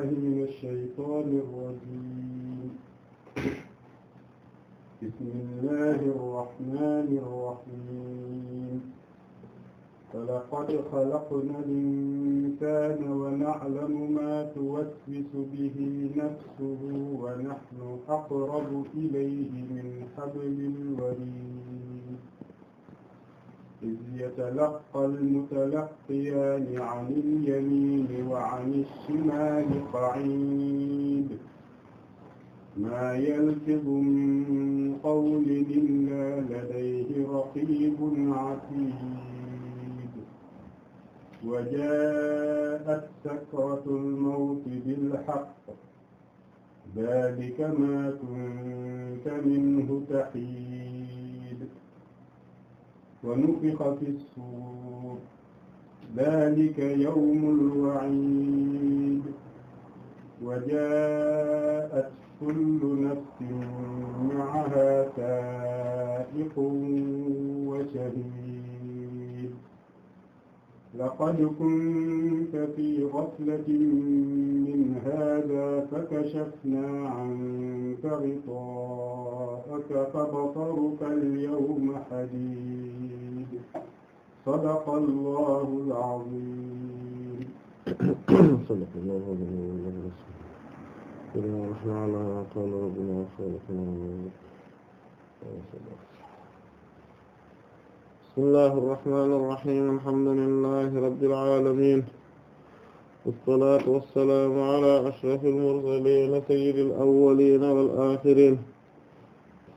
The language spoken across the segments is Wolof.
بالله من الشيطان الرجيم بسم الله الرحمن الرحيم فلقد خلقنا الإنسان ونعلم ما توسوس به نفسه ونحن أقرب إليه من حبل الوريد إذ يتلقى المتلقيان عن اليمين وعن الشمال قعيد ما يلفظ من قول إلا لديه رقيب عتيد وجاءت سكرة الموت بالحق ذلك ما كنت منه تحيد wa nufixa fi suur dalika yawmul wa'iid wa jaa'at kullu nafsin ma'ahaa saa'iqun wa shahiid laqad kunta fi ghaflatin min hadha fakashafna anka ghitaa'aka fabsaruka al-yawma hadiid sadaqa Allahu al-aziim. Sadaqa Allahu al-aziim. Allahumma salli ala Muhammad wa ala aalihi wa sahbihi. bismillahi irrahmani irrahim alhamdulillahi rabbil alamin wassalatu wassalaamu ala ashraf almursalin sayyidi alawalina wal axirin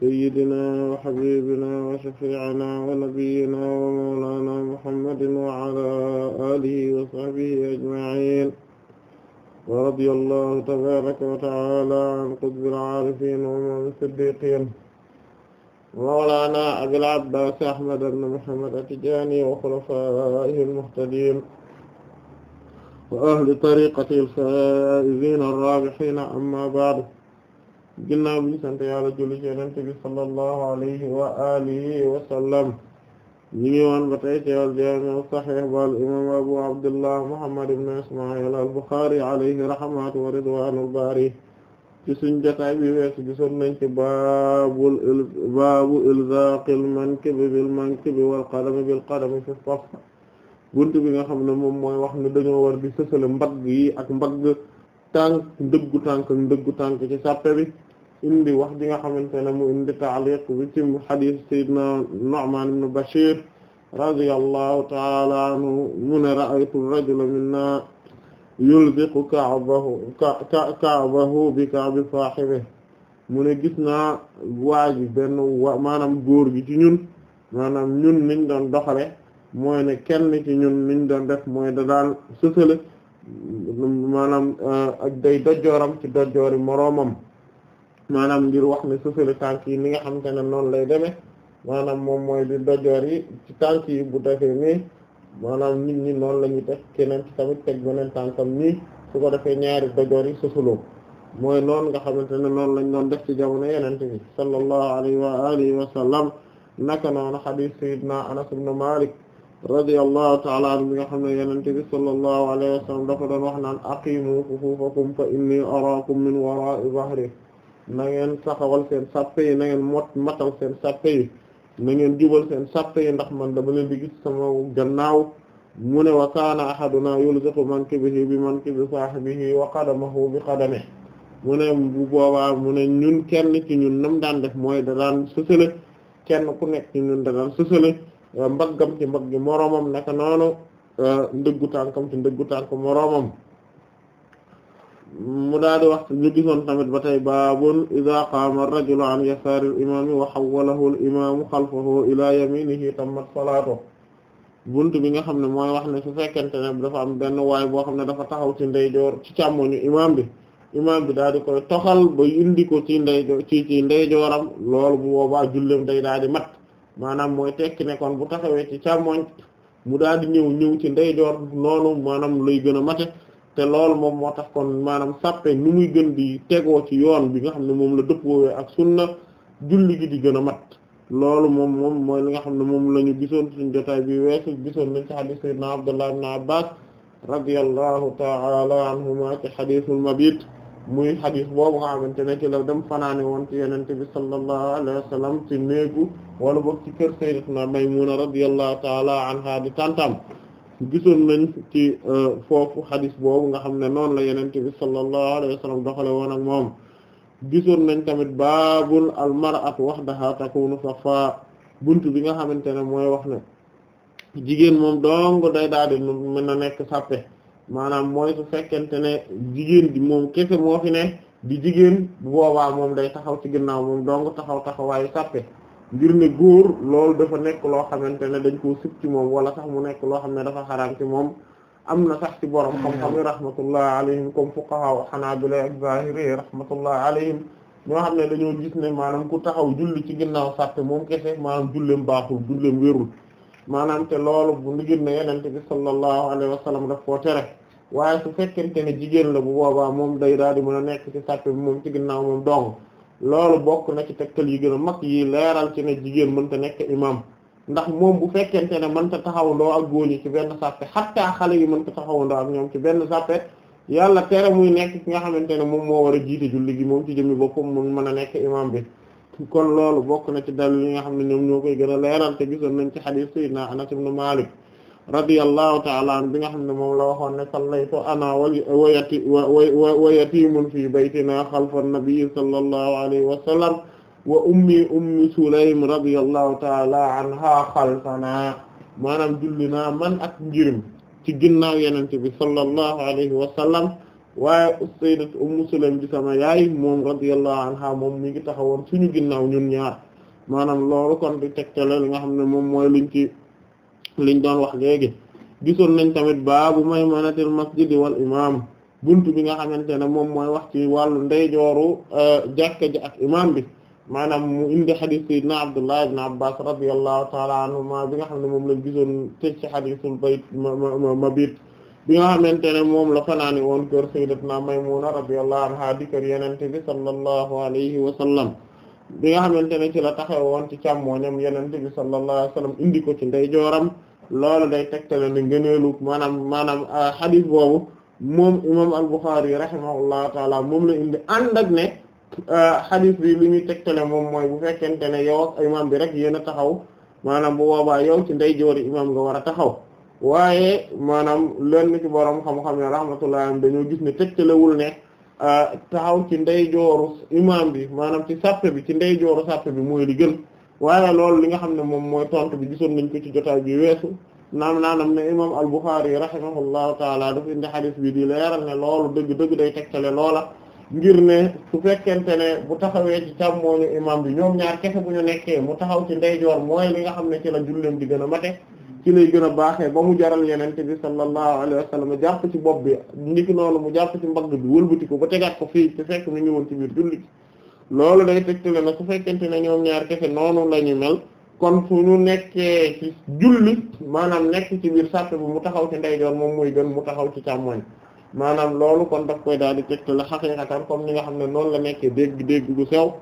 sayyidina wa habibina wa shafi'ina wa nabiyina wa mawlana muhammadin wa ala alihi wa sahbihi ajma'in wa radiyallahu tabaraka wa ta'ala an qutbil arifin wa man siddiqin mawlana abil abbas ahmad ibn muhammad at-tijani wa khulafaihi al-muhtadin wa ahli tariqati al-faizin ar-rabihin amma ba'd ginnaaw bi sant yàlla julli ci yonent bi sallallahu alayhi wa alihi wa sallam ñu ngi woon ba tey ci al-jaami' as-sahih ba al-imam abu abdullah muhammad ibn isma'il al-bukhari alayhi rahmatu wa ridwanu al-bari ci suñ jotaay bi weesu gisoon nañ ci baabul baabu ilzaqil mankibi bil mankibi wal qadami bil qadami fi saf bunt bi nga xam ne moom mooy wax ne dañoo war di sësale mbagg yi ak mbagg tànk ndëggu tànk ndëggu tànk ci sàppe bi indi wax ji nga xamante ne mu indi taaliq bi ci hadith sayyidina Nu'man ibn Bashir radiyallahu ta'ala anhu mu ne ra'aytu rajula minna yulziqu ka'bahu ka'bahu bi ka'bi saahibihi mu ne gis naa waa ji benn wa maanaam góor gi ci ñun maanaam ñun niñ doon doxale mooy ne kenn ci ñun niñ doon def mooy da daan sësale maanaam euh, ak day dojjooram ci dojjoori moroomam maanaam ngir wax ne sësale tànk yi ni nga xam te ne noonu lay demee maanaam moom mooy di dojjoor yi ci tànk yi bu defee nii maanaam nit ñi noonu la ñuy def keneen tamit teg beneen tànkam nii su ko defee ñaari dojoor yi sosuloo mooy noon nga xamante ne noonu lañ doon def ci jamono yeneen bi sallallahu alayhi wa alihi wa sallam naka noonu hadith sayyidina Anas ibn Malik radiyallahu ta'ala anhu bi nga xam ne yenente bi sallallahu alayhi wa sallam dafa doon wax naan aqimu fufufakum fa inni araakum min wara'i zahri na ngeen saxawal seen sàppe yi na ngeen mot matal seen sàppe yi na ngeen jubal seen sàppe yi ndax man dama leen di gis sama gannaaw mu ne wa kaana ahaduna yulziqu mankibihi bi mankibi saahibihi wa qadamahu bi qadamihi mu ne bu boobaa mu ne ñun kenn ci ñun nam daan def mooy da daan sësale kenn ku nekk ci ñun da daan sësale mbaggam ci mbaggi moroomam naka noonu ndëggu tànkam ci ndëggu tànk moroomam mu daal di wax ñu gisoon tamit ba tey baabun idha qaama ar-rajulu an yasaari al-imaami wa hawwalahu al-imaamu xalfahu ila yaminihi tammat salaatuhu bunt bi nga xam ne mooy wax ne su fekkente ne dafa am benn waay boo xam ne dafa taxaw ci ndeyjoor ci càmmoñu imaam bi imaam bi daal di koy toxal ba indi ko ci ndeyjoor ci ci ndeyjooram loolu bu boobaa jullem day daal di mat maanaam mooy tekki ne kon bu taxawee ci càmmoñ mu daal di ñëw ñëw ci ndeyjoor noonu maanaam lay gën a mate te loolu moom moo tax kon maanaam sàppe nu muy gën di tegoo ci yoon bi nga xam ne moom la dëppoowee ak sunna julli gi di gën a mat loolu moom moom mooy li nga xam ne moom lañu ñu gisoon suñu jotaay bi weesu gisoon nañ ci xadis sayyidina Abdullah ibn Abbas radiyallahu ta'ala anhuma ci xadisul mabit muy xadis boobu nga xamante ne ci la dem fanaane woon ci yenente bi sallallahu alayhi wa sallam ci néegu wala boog ci kër sayyidatuna Maymuna radiyallahu ta'ala anha gisoon nañ ci euh, foofu xadis boobu nga xam ne noonu la yenente bi sallallahu alayhi wa sallam doxale woon ak moom gisoon nañ tamit baabul almar'atu wahdaha takunu safa bunt bi nga xamante ne mooy wax ne jigéen moom dong day daal di mën na nekk sàppe maanaam mooy su fekkente ne jigéen bi moom kese moo fi ne di jigéen bu boobaa moom day taxaw ci ginnaaw moom dong taxaw taxawaayu sàppe ngir ne góor loolu dafa nekk loo xamante ne dañ ko sib moom wala tax mu nekk loo xam ne dafa xaraam ci moom am na sax ci borom xam-xam yi rahmatullah alayhim comme fuqaha wa hanabila ak zahiri rahmatullah alayhim ñoo xam ne dañoo gis ne maanaam ku taxaw julli ci ginnaaw sàppe moom kese maanaam julleem baaxul julleem wérul maanaam te loolu bu ngir ne yenente bi sallallahu alayhi wa sallam daf koo tere waaye su fekkente ne jigéen la bu boobaa moom day daal di a nekk ci sàppe bi moom ci ginnaaw moom loolu bokk na ci tegtal yi gën a mag yi leeral ci ne jigéen mën ta nekk imam ndax moom bu fekkente ne mën ta taxawu taxawandoo ak góor ñi ci benn sàppe xattaa xale yi mën mënta taxawandoo ak ñoom ci benn sàppe yàlla tere muy nekk ki nga xamante ne moom moo war a jiite julli gi moom ci jëmmi boppam mu mën a nekk imam bi kon loolu bokk na ci dalil yi nga xam ne ñoom ñoo koy gën a leeral te gisoon nañ ci na sayyidina Anas ibn Malik radiyallahu ta'ala an bi nga xam ne moom la waxoon ne sallaytu ana wa yati wa yatimun fi baytina xalfa nabi sallallahu alayhi wa sallam wa ummi ummi sulaym radiyallahu ta'ala anha xalfana maanaam julli naa man ak njirim ci ginnaaw yenente bi sallallahu alayhi wa sallam waaye sayyidat ummu sulaym di sama yaay moom radiyallahu anha moom mi ngi taxawoon suñu ginnaaw ñun ñaar maanaam loolu kon di tegtale li nga xam ne moom mooy luñ ci liñ doon wax léegi gisoon nañ tamit baabu maymanatil masjidi wal imaam bunt bi nga xamante ne moom mooy wax ci wàllu ndeyjooru euh, jàkka ji ak imaam bi maanaam mu indi xadis sayyidina Abdullah ibn Abbas radiyallahu taala anhuma bi nga xam ne moom lañ gisoon tëj ci xadisul bayt mabit bi nga xamante ne moom la fanaani woon kër sayyidatna Maymuna radiyallahu anha di kër yenente bi sallallahu alayhi wa sallam bi nga xamante ne ci la taxawoon ci càmmooñam yonent bi sallallahu alayhi wa sallam indi ko ci ndeyjooram loolu day tegtale ni ngëneelu maanaam maanaam hadith euh, boobu moom imam al-Bukhari rahimahullahu taala moom la indi ànd ak ne hadith euh, bi li ñuy tegtele moom mooy bu fekkente ne yow ak imam bi rek yéen a taxaw maanaam bu boobaa yow ci ndeyjoori imam nga war a taxaw waaye maanaam lenn ci borom xam-xam ne rahmatullahi dañoo gis ne tegtalewul ne. taxaw ci ndeyjooru imaam bi maanaam ci sàppe bi ci ndeyjooru sàppe bi mooy li gën waaye loolu li nga xam ne moom mooy tontu bi gisoon nañ ko ci jotaay bi weesu naam naanam ne imaam al-Bukhari rahimahullahu taala dafa indi xadis bi di leeral ne loolu dëgg-dëgg day tegtale loola ngir ne su fekkente ne bu taxawee ci càmmooñu imaam bi ñoom ñaar kese bu ñu nekkee mu taxaw ci ndeyjoor mooy li nga xam ne ci la julleem di gën a mate ci lay gën a baaxee ba mu jaral yenente bi sallallahu alayhi wa sallam jàpp ci bopp bi ndiki noonu mu jàpp ci mbagg bi wëlbati ko ba tegaat ko fii te fekk mi ngi woon ci biir julli loolu day tegtale na su fekkente ne ñoom ñaar kese noonu la ñu mel kon fu ñu nekkee ci julli maanaam nekk ci biir sàpp bi mu taxaw ci ndeyjoor moom mooy gën mu taxaw ci càmmoñ maanaam loolu kon daf koy daal di tegtale xaqiiqatan comme ni nga xam ne noonu la nekkee dégg-dégg sew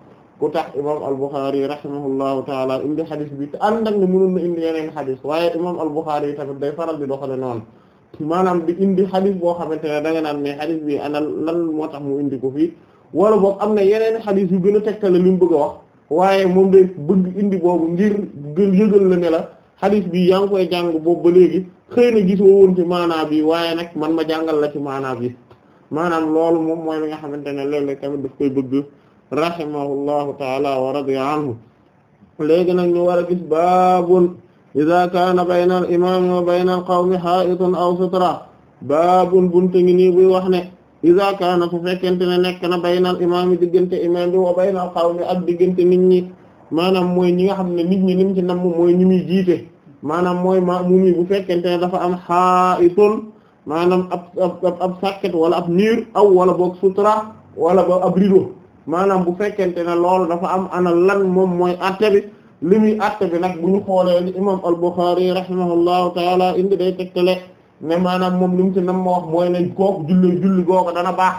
bu tax imam al-Bukhari rahimahullahu taala indi xadis bi te ànd ak ne mënoon na indi yeneen xadis waaye imam al-Bukhari yi tamit day faral di doxale noonu maanaam di indi xadis boo xamante ne danga nga naan mais xadis bi ana lan moo tax mu indi wala boog am na yeneen xadis yu gën a tegtale li mu bëgg a wax waaye moom day bëgg indi boobu ngir gën yëgal la ne la xadis bi yaa ngi koy jàng boobu ba léegi xëy na gisoo woon ci maanaa bi waaye nag man ma jàngal la ci maanaa bi maanaam loolu moom mooy li nga xamante ne léeg-léeg tamit daf koy bëgg rahimahullahu taala wa radiya anhu léegi nag ñu war a gis baabun iza kaana bayna al imaami wa bayna al qawmi haa'itun aw sutra baabun bunte ngi ni buy wax ne iza kaana su fekkente ne nekk na bayna al imaami diggante imaam bi wa bayna al qawmi ak diggante nit ñi maanaam mooy ñi nga xam ne nit ñi lim ci namm mooy ñi muy jiite maanaam mooy ma'muum yi bu fekkente ne dafa am haa'itun maanaam ab ab ab wala ab niir aw wala boog sutra wala ab rido maanaam bu fekkente ne loolu dafa am ana lan moom mooy atte bi li muy atte bi nag bu ñu xoolee li imam al-Bukhari rahimahullahu taala indi day tegtale ne maanaam moom li mu ci nam ma wax mooy ne kooku julli julli googu dana baax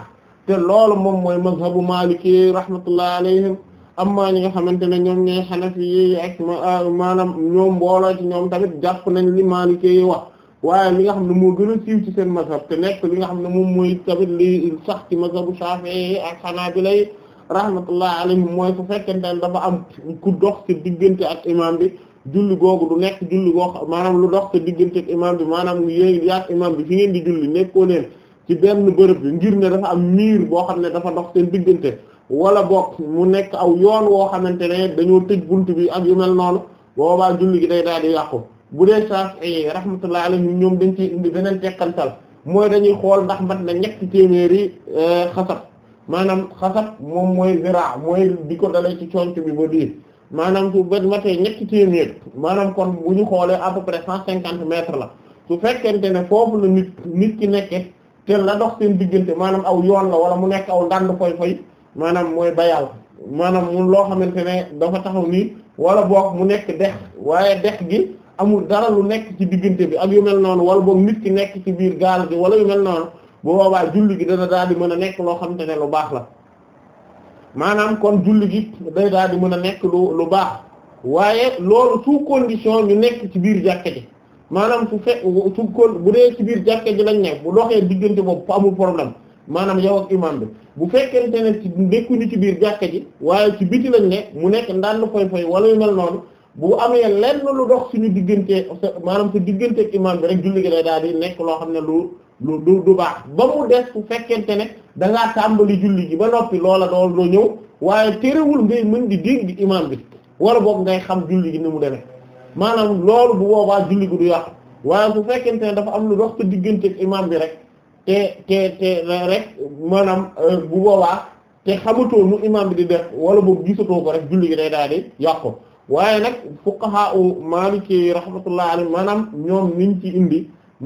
te loolu moom mooy mazhabu maliki rahmatullahi alayhim amma ñi nga xamante ne ñoom ñooy xanafi yi ak ah, maanaam ñoom mbooloo ci ñoom tamit jàpp nañ li maliki yi wax waaye li nga xam ne moo gën a ci seen mazhab te nekk li nga xam ne moom mooy tamit li sax ci mazhabu shafi'i yi ak xanaabila yi rahmatullah alayhim mooy su fekkente dafa am ku dox ci diggante ak imam bi julli googu du nekk julli googu maanaam lu dox ci diggante ak imam bi maanaam yéen yaak imam bi fi ngeen di julli nekkoo leen ci benn bërëb bi ngir ne dafa am miir boo xam ne dafa dox seen diggante wala boog mu nekk aw yoon woo xamante ne dañoo tëj bunt bi ak yu mel noonu boobaa julli gi day daal di yàqu bu dee Shafi'i rahmatullah alayhim ñoom dañ ciy indi beneen tekkantal mooy dañuy xool ndax mat na ñetti euh, maanaam xasab moom mooy zira mooy di ko dalee ci conc bi ba diir maanaam su bët matee ñetti téeméer maanaam kon bu ñu xoolee à peu près cent cinquante mètres la su fekkente ne foofu la nit nit ki nekke te la dox seen diggante maanaam aw yoon la wala mu nekk aw ndànd foy foy maanaam mooy bayal maanaam mun loo xamante ne dafa taxu nii wala boog mu nekk dex waaye dex gi amul dara lu nekk ci diggante bi ak yu mel noonu wala boog nit ki nekk ci biir gaal gi wala yu mel noonu bu boobaa julli gi dana daal di mën a nekk loo xamante ne lu baax la maanaam kon julli gi day daal di mën a nekk lu lu baax waaye loolu sous condition ñu nekk ci biir jàkka ji maanaam su fe su ko bu dee ci biir jàkka ji lañ nekk bu doxee diggante boobu amul problème maanaam yow ak imam bi bu fekkente ne ci nekkuñu ci biir jàkka ji waaye ci biti lañ mu nekk ndànk foy-foy wala yu mel noonu bu amee lenn lu dox suñu diggante maanaam sa diggante ak imam bi rek julli gi day daal di nekk loo xam ne lu. loolu du du baax ba mu des su fekkente ne da ngaa tàmbali julli gi ba noppi loola dool doo ñëw waaye terewul ngay mën di dégg imaam bi wala boog ngay xam julli gi ni mu demee maanaam loolu bu boobaa julli gi du yàqu waaye su fekkente ne dafa am lu dox diggante ak imaam rek te te te rek euh, boobaa te xamatoo nu imaam bi di def wala boog gisatoo ko rek julli gi day daal di yàqu waaye nag fuqaha u Maliki rahmatullah alayhi maanaam ñoom niñ ci indi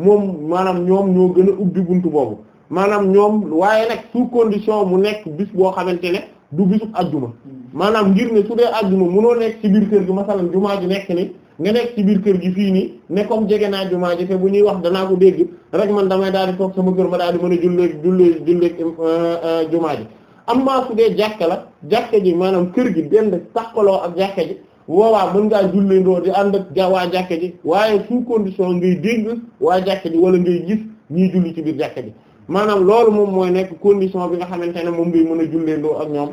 moom maanaam ñoom ñoo gën a ubbi buntu boobu maanaam ñoom waaye nag sous condition mu nekk bis boo xamante ne du bisub ajjuma maanaam ngir ne su dee ajjuma munoo nekk ci biir kër gi masalan jumaa ji nekk ni nga nekk biir kër gi fii nii ne jege naa jumaa ji te bu ñuy wax danaa ko dégg rek man damay daal di toog sama kër ma daal di mën a jullee jullee jullee euh, euh, jumaa ji am maa su dee jàkka la jàkka ji maanaam kër gi dend sàkkaloo ak jàkka ji woowaa mën ngaa julleendoo di ànd ak waa jàkke ji waaye sous condition ngay dégg waa jàkke ji wala ngay gis ñii julli ci biir jàkke ji maanaam loolu moom mooy nekk condition bi nga xamante ne moom ngay mën a julleendoo ak ñoom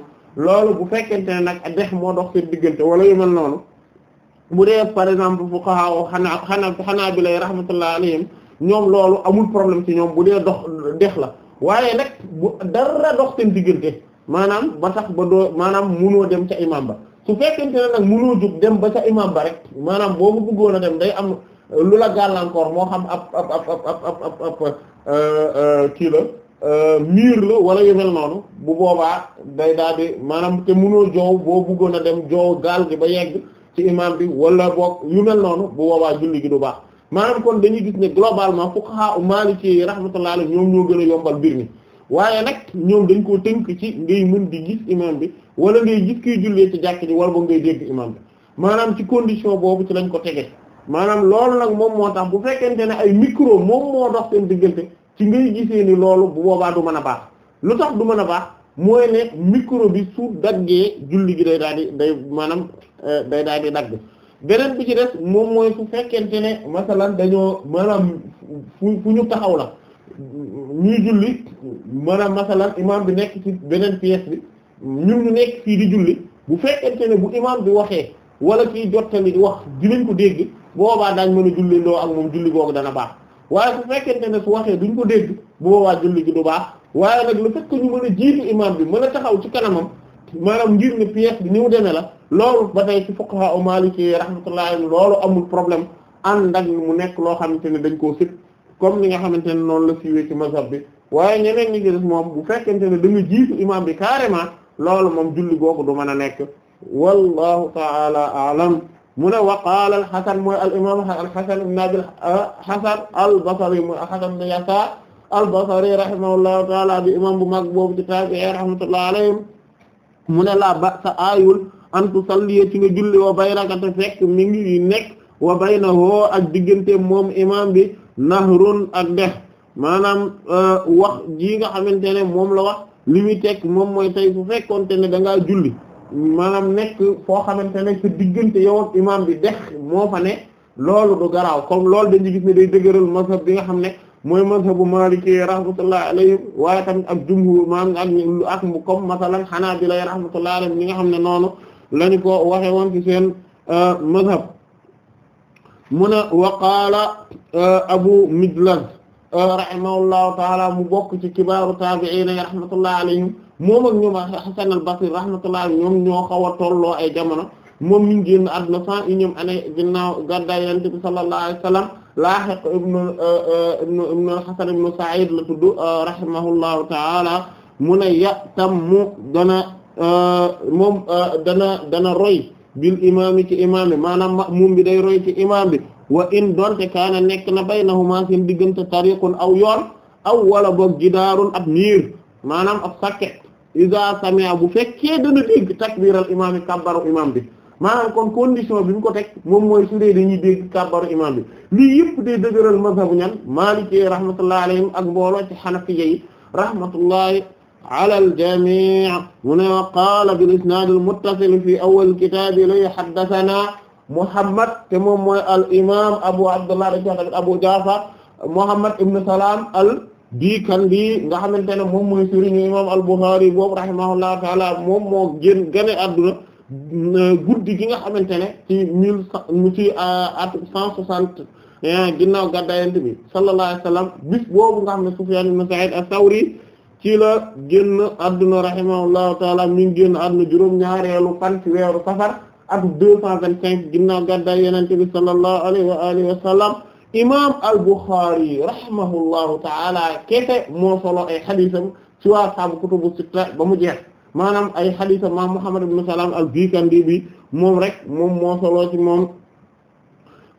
loolu bu fekkente ne nag dex moo dox seen diggante wala yu mel noonu bu dee par exemple fuqaha xanaa xanaa xanaa bi lay rahmatullah alayhim ñoom loolu amul problème ci ñoom bu dee dox dex la waaye nag bu dara dox seen diggante maanaam ba tax ba doo maanaam munoo dem ca imam ba su fekkente ne nag mënoo jóg dem ba ca imam ba rek maanaam boobu bëggoon a dem day am lu la gàllankoor moo xam ab ab ab ab ab ab euh, kii la euh, miir la wala yu mel noonu bu boobaa day daal di maanaam te mënoo joow boo bëggoon a dem joow gaal gi ba yegg ci imam bi wala boog yu mel noonu bu boobaa julli gi du baax maanaam kon dañuy gis ne globalement fuqaha u Maliki rahmatullahi alayhi ñoom ñoo gën a yombal mbir mi waaye nag ñoom dañ koo tënk ci ngay mën di gis imam bi wala ngay gis kiy jullee ci jàkk ji wala ba ngay dégg imam bi maanaam ci condition boobu ci lañ ko tege maanaam loolu nag moom moo tax bu fekkente ne ay micro moo dox seen diggante ci ngay gisee ni loolu bu boobaa du mën a baax lu tax du mën a baax mooy micro bi su daggee julli bi day daal di day maanaam euh, day daal di dagg beneen bi ci des moom mooy su fekkente ne masalan dañoo maanaam fu fu ñu taxaw la ñuy julli maanaam masalan imaam bi nekk ci beneen pièce bi ñun ñu nekk fii di julli bu fekkente ne bu imaam bi waxee wala kii jottali di wax dinañ ko dégg boobaa daañ mën a julli loo ak moom julli googu dana baax waaye su fekkente ne su waxee duñ ko dégg bu boobaa julli gi du baax waaye nag le fait que ñu mën a jiitu imaam bi mën a taxaw ci kanamam maanaam ngir ne pièce bi ni mu demee la loolu ba tey ci fuqaha o maliki rahmatullahi loolu amul problème ànd ak mu nekk loo xamante ne dañ koo sëg comme ni nga xamante ne noonu la siiwee ci mazhab bi waaye ñeneen ñi ci des moom bu fekkente ne dañu jiitu imam bi carrément loolu moom julli googu du mën a nekk wallahu taala alam mu ne wa qaala alxasan mooy al imam alxasan ibn abil xasan albasari mooy alxasan ibn yasaar albasari rahimahullahu taala bi imam bu mag boobu ci taabi'i rahmatullahi mu ne la ba sa aayul an tusalli ci nga julli wa bay rakate fekk mi ngi nekk wa baynahu ak diggante moom imam bi nahrun ak dex maanaam euh, wax jii nga xamante ne moom la wax li muy teg moom mooy tey bu fekkonte ne da ngaa julli maanaam nekk foo xamante ne sa diggante yow ak bi dex moo fa ne loolu du garaaw comme lool dañu gis ne day dëgëral mazhab bi nga xam ne mooy mazhabu Maliki rahmatullahi alayhim waaye tamit ak jumhur maam ak ak comme masalan Hanabila rahmatullahi alayhim ñi nga xam ne noonu lañu ko waxe woon ci seen euh, mazhab mu ne wa qaala euh, Abu Midlaz euh, rahimahullahu taala mu bokk ci kibaaru taabi'iin yi rahmatullahi alayhim moom ak ñoom Hasan al-Basri rahmatullahi alayhi ñoom ñoo xaw a tolloo ay jamono moom mi ngi génn àdduna cent unième année ginnaaw gàddaay Yonent bi sallallahu alayhi wa sallam Laahiq ibnu euh, ibnu ibnu Hasan ibnu Sa'id la tudd rahimahullahu taala mu ne ya tam mu dana moom dana dana roy bil imaami ci imaam maanaam ma'muum bi day roy ci imaam bi wa in donte kaana nekk na baynahumaa seen diggante tariqun aw yoon aw wala boog jidaarun ab niir maanaam ab sàkket iza sami'a bu fekkee dana dégg takbiiral imaam bi kabbaru imaam bi maanaam kon condition bi mu ko teg moom mooy su dee dañuy dégg kabbaru imaam bi lii yëpp day dëgëral mazhabu ñan Maaliki rahmatullahi alayhim ak mbooloo ci Hanafiyya yi rahmatullahi alal al-jamii mu ne wa qaala bil-isnaad al-muttasil fi awwal kitaab li haddasanaa Muhammad te moom mooy al-imaam Abu Abdullah Abu Ja'far Muhammad ibn Salaam al-Dikandi nga xamante ne moom mooy sëriñu imaam al-Bukhari boobu rahimahullahu ta'ala moom moo gën gane adduna euh, guddi gi nga xamante ne ci mille ci euh, at cent soixante ginnaaw gàddaay Yonent bi sallallahu boobu nga xam ne Sufyaan ibn Sa'iid as-Sawri ci la génn adduna rahimahullahu taala mi ngi génn adduna juróom-ñaareelu fan ci weeru safar atu deux cent vingt-cinq ginnaaw gàddaay yenente bi sallallahu alayhi wa alihi imam al-Bukhari rahimahullahu taala kese moo solo ay xadiisam ci waa saabu kutubu sitta ba mu jeex maanaam ay xadiisam ma Muhammad ibn Salam al-Bikandi bi moom rek moom moo solo moom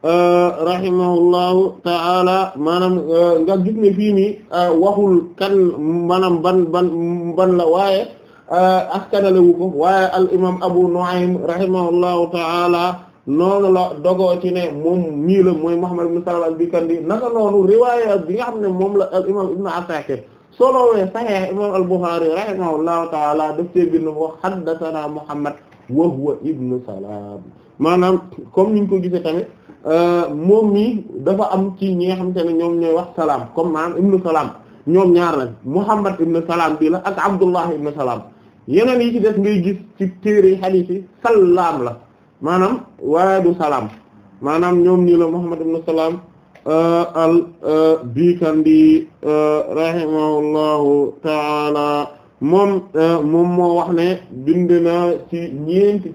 rahimahullahu ta'ala maanaam euh, nga gis ne fii nii euh, waxul kan maanaam ban ban la waaye euh, askanale wu ko waaye al imam Abu Nu'aym rahimahullahu ta'ala noonu la dogoo ci moom nii la mooy Muhammad ibn Salam al-Bikandi naka noonu riwaaya bi nga xam ne moom la al imam Ibn Asakir solowee Sahih imam al-Bukhari ta'ala daf tee bind wax Muhammad wa ibn Salam maanaam comme niñ ko gisee tamit Euh, moom mi dafa am ci ñi nga xamante ne ñoom ñooy wax salaam comme maanaam ibnu salaam ñoom ñaar lañ Muhammad ibnu salaam bii la ak Abdullah ibnu salaam yeneen yi ci des ngay gis ci téere hadith yi salaam la maanaam waaye salaam maanaam ñoom nii la Muhammad ibnu salaam euh, al euh, Bikandi rahimahullahu taala moom moom moo wax ne bind na ci ñeenti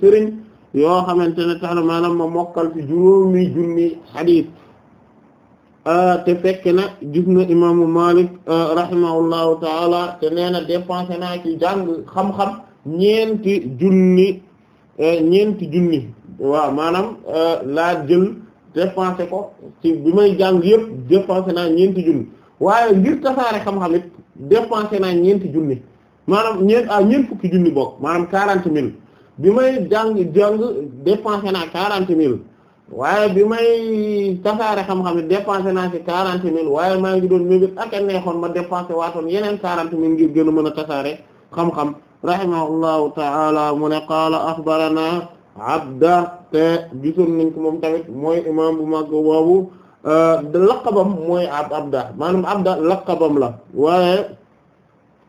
sëriñ. yoo xamante ne tax na maanaam ma mokkal ci juróomi junni xadiis ah, te fekk na gis na imaamu Malik ah, rahimahullahu taala te nee na dépensé naa ci jàng xam-xam ñeenti junni eh, ñeenti junni waaw maanaam ah, laa jël dépensé ko ci bi may jàng yëpp dépensé naa ñeenti junni waaye ngir tasaare xam-xam it dépensé naa ñeenti junni maanaam ñeent ah ñeent fukki junni bokk maanaam quarante mille bi may jàng jàng dépensé naa quarante mille waaye bi may tasaare xam-xam it dépensé naa ci quarante mille waaye maa ngi doon mébét ak a ma dépensé waatoon yeneen quarante mille ngir gën a mën a tasaare xam-xam rahimahullahu ta'ala mu ne qaala axbarana abda te gisoon nañ ko moom tamit mooy imam bu mag boobu euh, laqabam mooy ab abda maanaam abda laqabam la waaye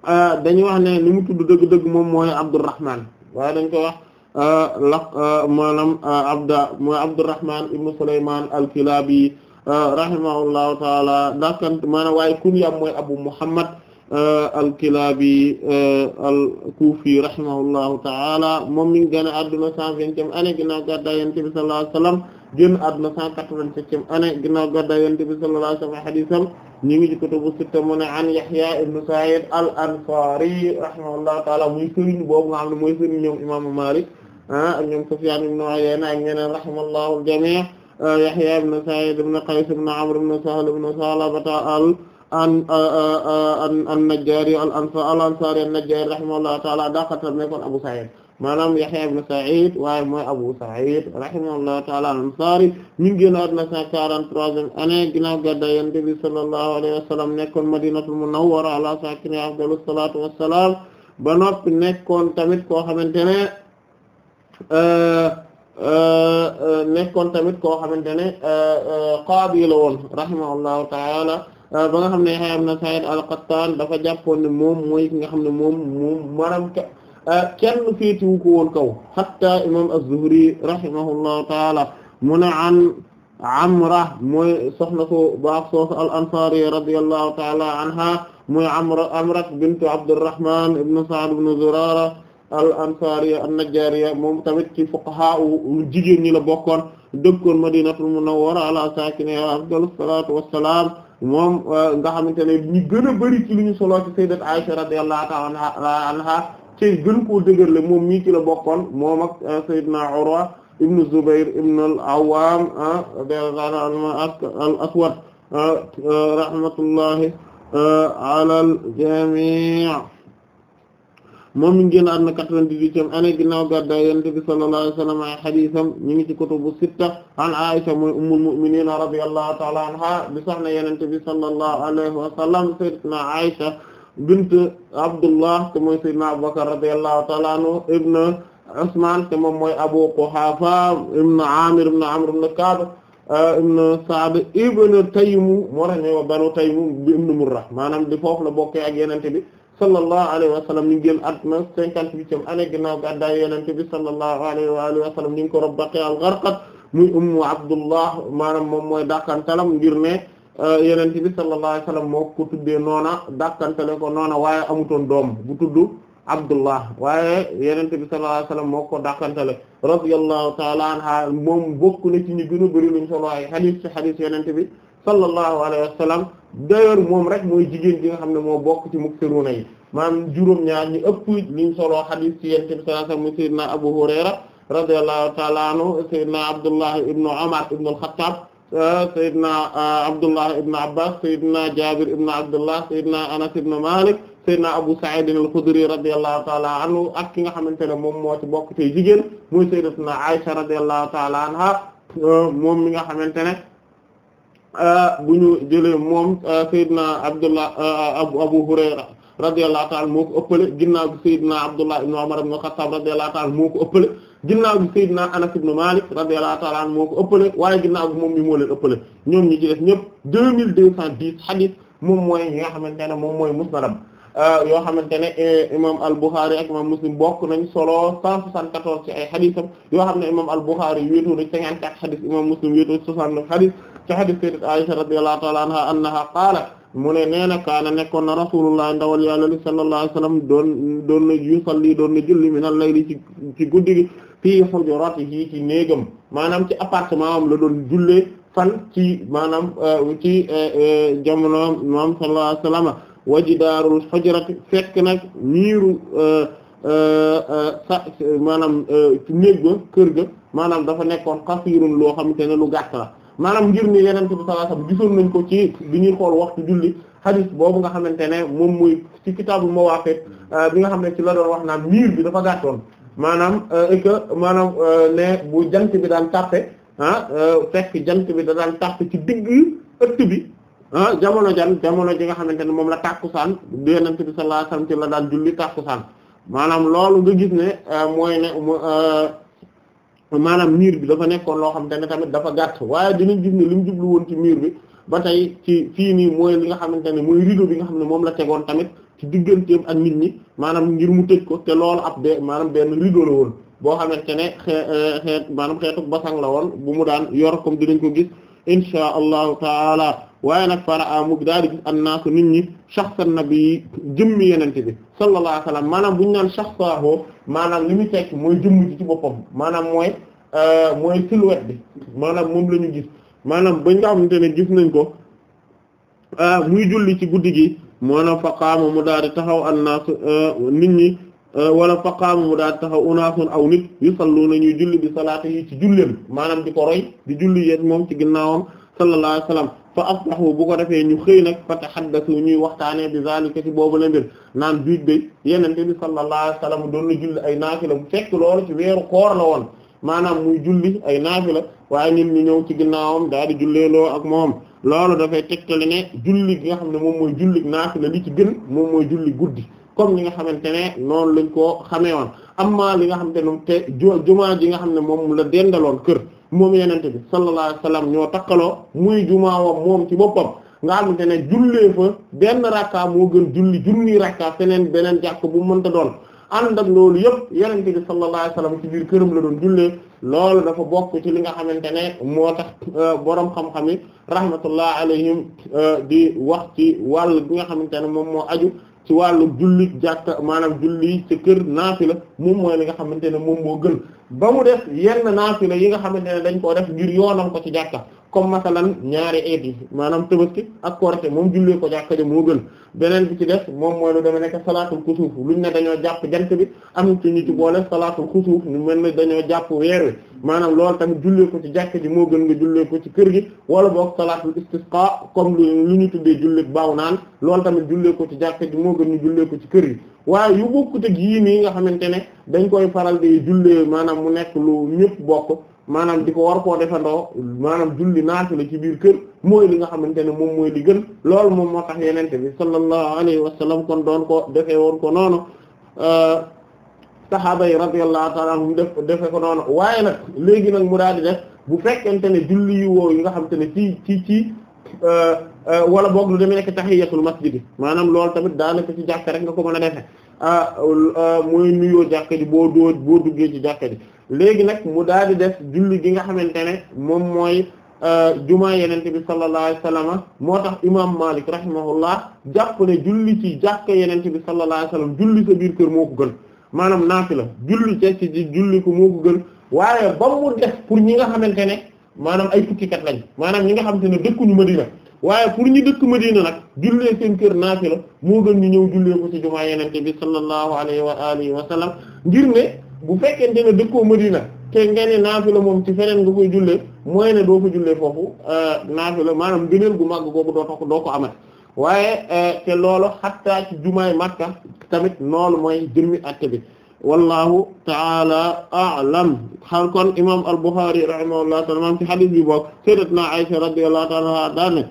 euh, dañuy wax ne li mu tudd dëgg-dëgg moom mooy abdurrahman waaye dañ ko wax euh, la euh, maanaam euh, abda mooy Abdurrahman ibnu Sulayman al-Kilabi rahimahullahu taala dakan maanaam waaye kunyam mooy Abu Muhammad al-Kilabi al-Kufi rahimahullahu taala moom mi ngi génn àdduna cent vingtième année ginnaaw gàddaay Yonent bi sallallahu alayhi wasallam génn àdduna cent quatre-vingt-septième année ginnaaw gàddaay Yonent bi sallallahu alayhi wasallam ñu ngi ci kutubu sitta mu ne an Yahya ibn Sa'id al-Ansari rahimahullahu ta'ala muy sëriñ boobu nga xam ne mooy sëriñ ñoom imaamu Malik ah, ak ñoom Sufyan ibn Uyayna ak ñeneen rahimahullahu al-jami' ah, Yahya ibn Sa'id ibn Qays ibn Amr ibn Sahl ibn Salabata al-Najjari ah, al-Ansari an-Najjari rahimahullahu ta'ala daa xatal nekkoon Abu Sa'id maanaam Yahya ibn Sa'id waaye mooy Abu Sa'id rahimahullahu ta'ala al-Ansari ñu ngi génn àdduna 143e année ginnaaw gàddaay Yonent bi sallallahu alayhi nekkoon Madinatul Munawwara ala sakiniha afdalus salatu wassalam ba noppi nekkoon tamit koo xamante ne euh, euh, nekkoon tamit koo xamante ne euh, qaadi la woon rahimahullahu ba nga xam ne Yahya ibn Sa'id al-Qattan dafa jàppoon moom mooy nga xam ne moom moom maanaam Eh, kenn féetiwu ko woon kaw hatta imam az-Zuhri rahimahullahu taala mu ne an Amra mooy soxna soo baax soosu al-Ansari radiyallahu taala anha mooy Amra Amra bintu Abdurrahman ibn Sa'd ibn Zurara al-Ansariya an-Najjariya moom tamit ci fuqaha u jigéen ñi la bokkoon dëkkoon Madinatul Munawwara ala saakinihaa afdalu salaatu wassalaam moom eh, nga xamante ne ñi gën a bari ci li ñu solo ci sayyidat Aisha radiyallahu taala anha ci gën koo dëgër la moom mii ci la bokkoon moom ak ah, Seydina Urwa ibnu Zubayr ibnu al-Awwam ah, ah, al aswad rahmatullahi ala al-jami' moom mi ngi génn àdduna quatre-vingt-dix-huitième année ginnaaw gàddaay Yonent bi sallallahu alayhi wa sallam ay xadiisam ñu ngi ci kutubu sitta an Aisha mooy ummul mu'miniin radiyallahu ta'ala anha bi soxna Yonent bi sallallahu alayhi wa sallam Sayyidatuna Aisha bint Abdullah te mooy Seydina Abubakar radiyallahu ta'ala anhu ibn Usman te moom mooy Abu Quhafa ibn Amir ibn Amr ibn Ka'b eh, ibn Sa'd ibn Taym moo tax ñu Banu Taym ibn Murra maanaam di foofu la bokkee ak Yonent bi sallallahu alayhi wa sallam ñu ngi génn àdduna ñu ngi ko rob Baqi al-Gharqad muy Ummu Abdullah maanaam moom mooy dàqantalam ngir ne Euh, yeneen bi sallallahu alayhi wasallam moo ko tuddee noona dàkkantele ko noona waaye amutoon doom bu tudd abdullah waaye yeneen bi sallallahu alayhi moo ko dàkkantele radiyallahu ta'ala anha moom bokk na ci ñu gën a bëri luñ solo ay hadith ci hadith yeneen bi sallallahu alayhi wasallam d'ailleurs moom rek mooy jigéen gi nga xam ne moo bokk ci muktiruna yi maanaam juróom ñaar ñu ëpp ñu solo hadith ci yeneen bi sallallahu alayhi wasallam abu hurayra radiyallahu ta'ala anhu sayyidina abdullah ibnu umar Seydina ah, Abdullah ibn Abbas Seydina Jabir ibn Abdullah Seydina Anas ibn Malik Seydina Abu Sa'id al-Khudri radiyallahu ta'ala anhu ak ki nga xamante ne moom moo ci jigéen muy Sayyidatuna Aisha radiyallahu ta'ala anha ah, moom mi nga xamante ne ah, bu ñu jëlee moom Seydina Abdullah Abu Hurayra radiyallahu ta'ala moo ko ëppale ginnaaw bi Seydina Abdullah ibn Umar ibn Khattab radiyallahu ta'ala moo ko ëppale ginnaaw Anas ibn Malik radiyallahu ta'ala moo ko ëppale waaye ginnaaw bi moom mi ñoom ñi ci def ñëpp deux mille deux cent dix hadith moom mooy ñi nga xamante ne mooy musnadam euh, yoo xamante ne eh, imam al-Bukhari ak imam Muslim bokk nañ solo 174 ci ay haditham yoo xam ne imam al-Bukhari wéetoo na 54 hadith imam Muslim wéetoo 69 hadith mu ne nee na kaana nekkoon na rasulullah ndawal yàlla li sallallahu alayhi wasallam doon doon na yusalli doon na julli min al-layli ci ci guddi gi fii hujratihi ci néegam maanaam ci appartement am la doon jullee fan ci maanaam euh, ci euh, euh, jamono moom sallallahu alayhi wasallam wa jidaarul fekk nag miiru sa maanaam néeg ba kër ga maanaam dafa nekkoon qasiirun loo xamante ne lu gàtt maanaam ngir ni yenente bi sallallahu alayhi wasallam gisoon nañ ko ci bi ñuy xool waxtu julli hadis boobu nga xamante ne moom muy ci kitaabul mawaaqiit euh, bi nga xam ne ci la doon wax naan miir bi dafa gàttoon maanaam euh, et que maanaam euh, ne bu jant bi daan tàppe ah fekk jant bi da daan tàppe ci digg ëtt bi ah jamono jan jamono ji nga xamante ne moom la tàkkusaan du yenente bi sallallahu alayhi wasallam ci la daan julli tàkkusaan maanaam loolu nga gis ne mooy ne maanaam miir bi dafa nekkoon loo xam ne tamit dafa gàtt waaye dinañ gis ne li mu jublu woon ci miir bi ba tey ci fii nii mooy li nga xamante ne mooy rideau bi nga xam ne moom la tegoon tamit ci digganteem ak nit ñi maanaam ngir mu tëj ko te lool ab de maanaam benn rideau la woon boo xamante ne euh, xeet maanaam xeetu basang la woon bu mu daan yor comme dinañ ko gis insha allahu taala waaye nag fara a mu daal di gis annaasu nit ñi shaxsan nabi jëmmi yenente bi sallallahu alayhi wasallam maanaam bu ñu naan shaxsaahu maanaam li muy tekki mooy jëmm ji ci boppam maanaam mooy euh, mooy silhouette bi maanaam moom la gis maanaam bañ nga xamante ne gis nañ ko euh, muy julli ci guddi gi moo na fa qaama mu daal di taxaw annaasu euh, nit ñi wala fa qaama mu daal di taxaw unaasun aw nit yu sallu na ñuy julli bi salaata yi ci julleem maanaam di ko di julli yéen moom ci ginnaawam sallallahu alayhi fa asbahu bu ko defee ñu xëy nag fa tahaddathu ñuy waxtaanee bi zalika ci boobu la mbir naan biig day yenente bi sallallahu alayhi wasallam doon na julli ay naafila bu fekk loolu ci weeru koor la woon maanaam muy julli ay naafila waaye nit ñi ñëw ci ginnaawam daal di julleeloo ak moom loolu dafay tegtale ne julli gi nga xam ne moom mooy julli naafila li ci gën moom mooy julli guddi comme li nga xamante ne noonu lañ koo xamee woon amma li nga xamante ne te jumaa ji nga xam ne moom la dendaloon kër moom yenente bi sallallahu alayhi wasallam ñoo takkaloo muy jumaawam moom ci boppam nga xamante ne jullee fa benn rakka moo gën julli junni rakka feneen beneen jàkk bu ta doon ànd ak loolu yëpp yenente bi sallallahu alayhi wasallam ci biir këram la doon jullee loolu dafa bokk ci li nga xamante ne moo tax euh, boroom xam-xam yi rahmatullah alayhim euh, di wax ci wàll bi nga xamante ne moom moo aju ci wàllu julli jàkka maanaam julli ci kër naafila moom mooy li nga xamante ne moom moo gën ba mu def yenn naafila yi nga xamante ne dañ koo def ngir yoonal ko ci jàkka comme masalan ñaari eet yi maanaam ki ak korite moom jullee ko jàkka ja moo gën beneen bi ci def moom mooy lu dama nekk salaatul kusuuf luñ ne dañoo jàpp jant bi am ci ñu ci boole salaatul kusuuf mel ne dañoo jàpp weer wi maanaam lool tamit jullee ko ci jàkka ji moo gën nga jullee ko ci kër gi wala boog salaatul istisqa comme lu ñu tuddee jullit baaw naan loolu tamit jullee ko ci jàkka ji moo gën ñu jullee ko ci kër gi waaye yu bokkut ak yii nii nga xamante ne dañ koy faral di jullee maanaam mu nekk lu ñëpp bokk maanaam di ko war koo defandoo maanaam julli naafila ci biir kër mooy li nga xamante ne moom mooy diggan gën loolu moom moo tax yenente bi sallallahu alayhi wa sallam kon doon ko defee woon ko noonu sahaaba yi radiyallahu ta'ala anhum def defe ko noonu waaye nag léegi nag mu daal di def bu fekkente ne julli yu woow yi nga xamante ne ci ci ci euh, euh, wala boog lu demee nekk tahiyatul masjid bi maanaam loolu tamit daanaka ci jàkka rek nga ko mën a defee ah euh, mooy nuyoo jàkka ji boo doo boo duggee ci jàkka ji léegi nag mu daal di def julli gi nga xamante ne moom mooy euh, jumaa yeneen bi sallallahu alayhi wa sallam moo tax imaam Malik rahimahullah jàpp ne julli ci jàkka yeneen bi sallallahu alayhi wa sallam julli sa biir kër moo ko gën maanaam naafila julli ca ci julli ko moo ko gën waaye ba mu def pour ñi nga xamante ne maanaam ay tukkikat lañ maanaam ñi nga xamante ne ma Madina waaye pour ñu dëkk Madina nag jullee seen kër naafila moo gën ñu ñëw jullee ko ci jumaa yenente bi sallallahu alayhi wa alihi wa sallam ngir ne bu fekkente ne dëkkoo Madina te nga ne naafila moom ci feneen nga koy jullee mooy ne doo ko jullee foofu euh, naafila maanaam gëneel gu màgg googu doo ko doo ko amal waaye euh, te loolu xattaa ci jumaay Makka tamit noolu mooy jëmmi atte bi wallahu taala a'lam xar kon imam al-Bukhari rahimahullah ta'ala maam ci hadith bi bokk sayyidatna Aisha radiyallahu ta'ala anha daane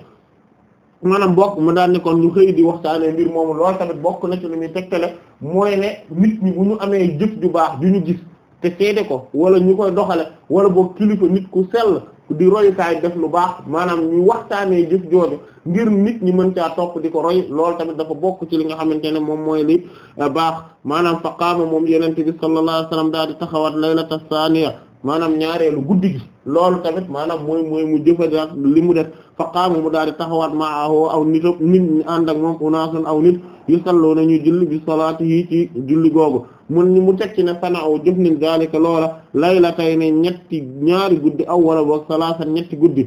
maanaam bokk mu daan ne ko ñu xëy di waxtaanee mbir moomu lool tamit bokk na ci lu muy tegtale mooy ne nit ñi bu ñu amee jëf ju baax du ñu gis te seede ko wala ñu koy doxale wala boog kilifa nit ku sell di royukaay def lu baax maanaam ñu waxtaanee jëf jooju ngir nit ñi mën caa topp di ko roy loolu tamit dafa bokk ci li nga xamante ne moom mooy li eh, baax maanaam fa qaama moom yenente bi sallallahu alayhi wasallam daal di taxawat laylata saaniya maanaam ñaareelu guddi gi loolu tamit maanaam mooy mooy mu jëfandikoo li mu def fa qaamu mu daal di taxawaat ma'ahu aw nit nit ñi ànd ak moom unaasun aw nit yusalluna ñu julli bi salaati yi ci julli googu mun mu teg ci ne sana'u jëf nañ daalika loola laylatayni ñetti ñaari guddi aw wala boog salaasa ñetti guddi.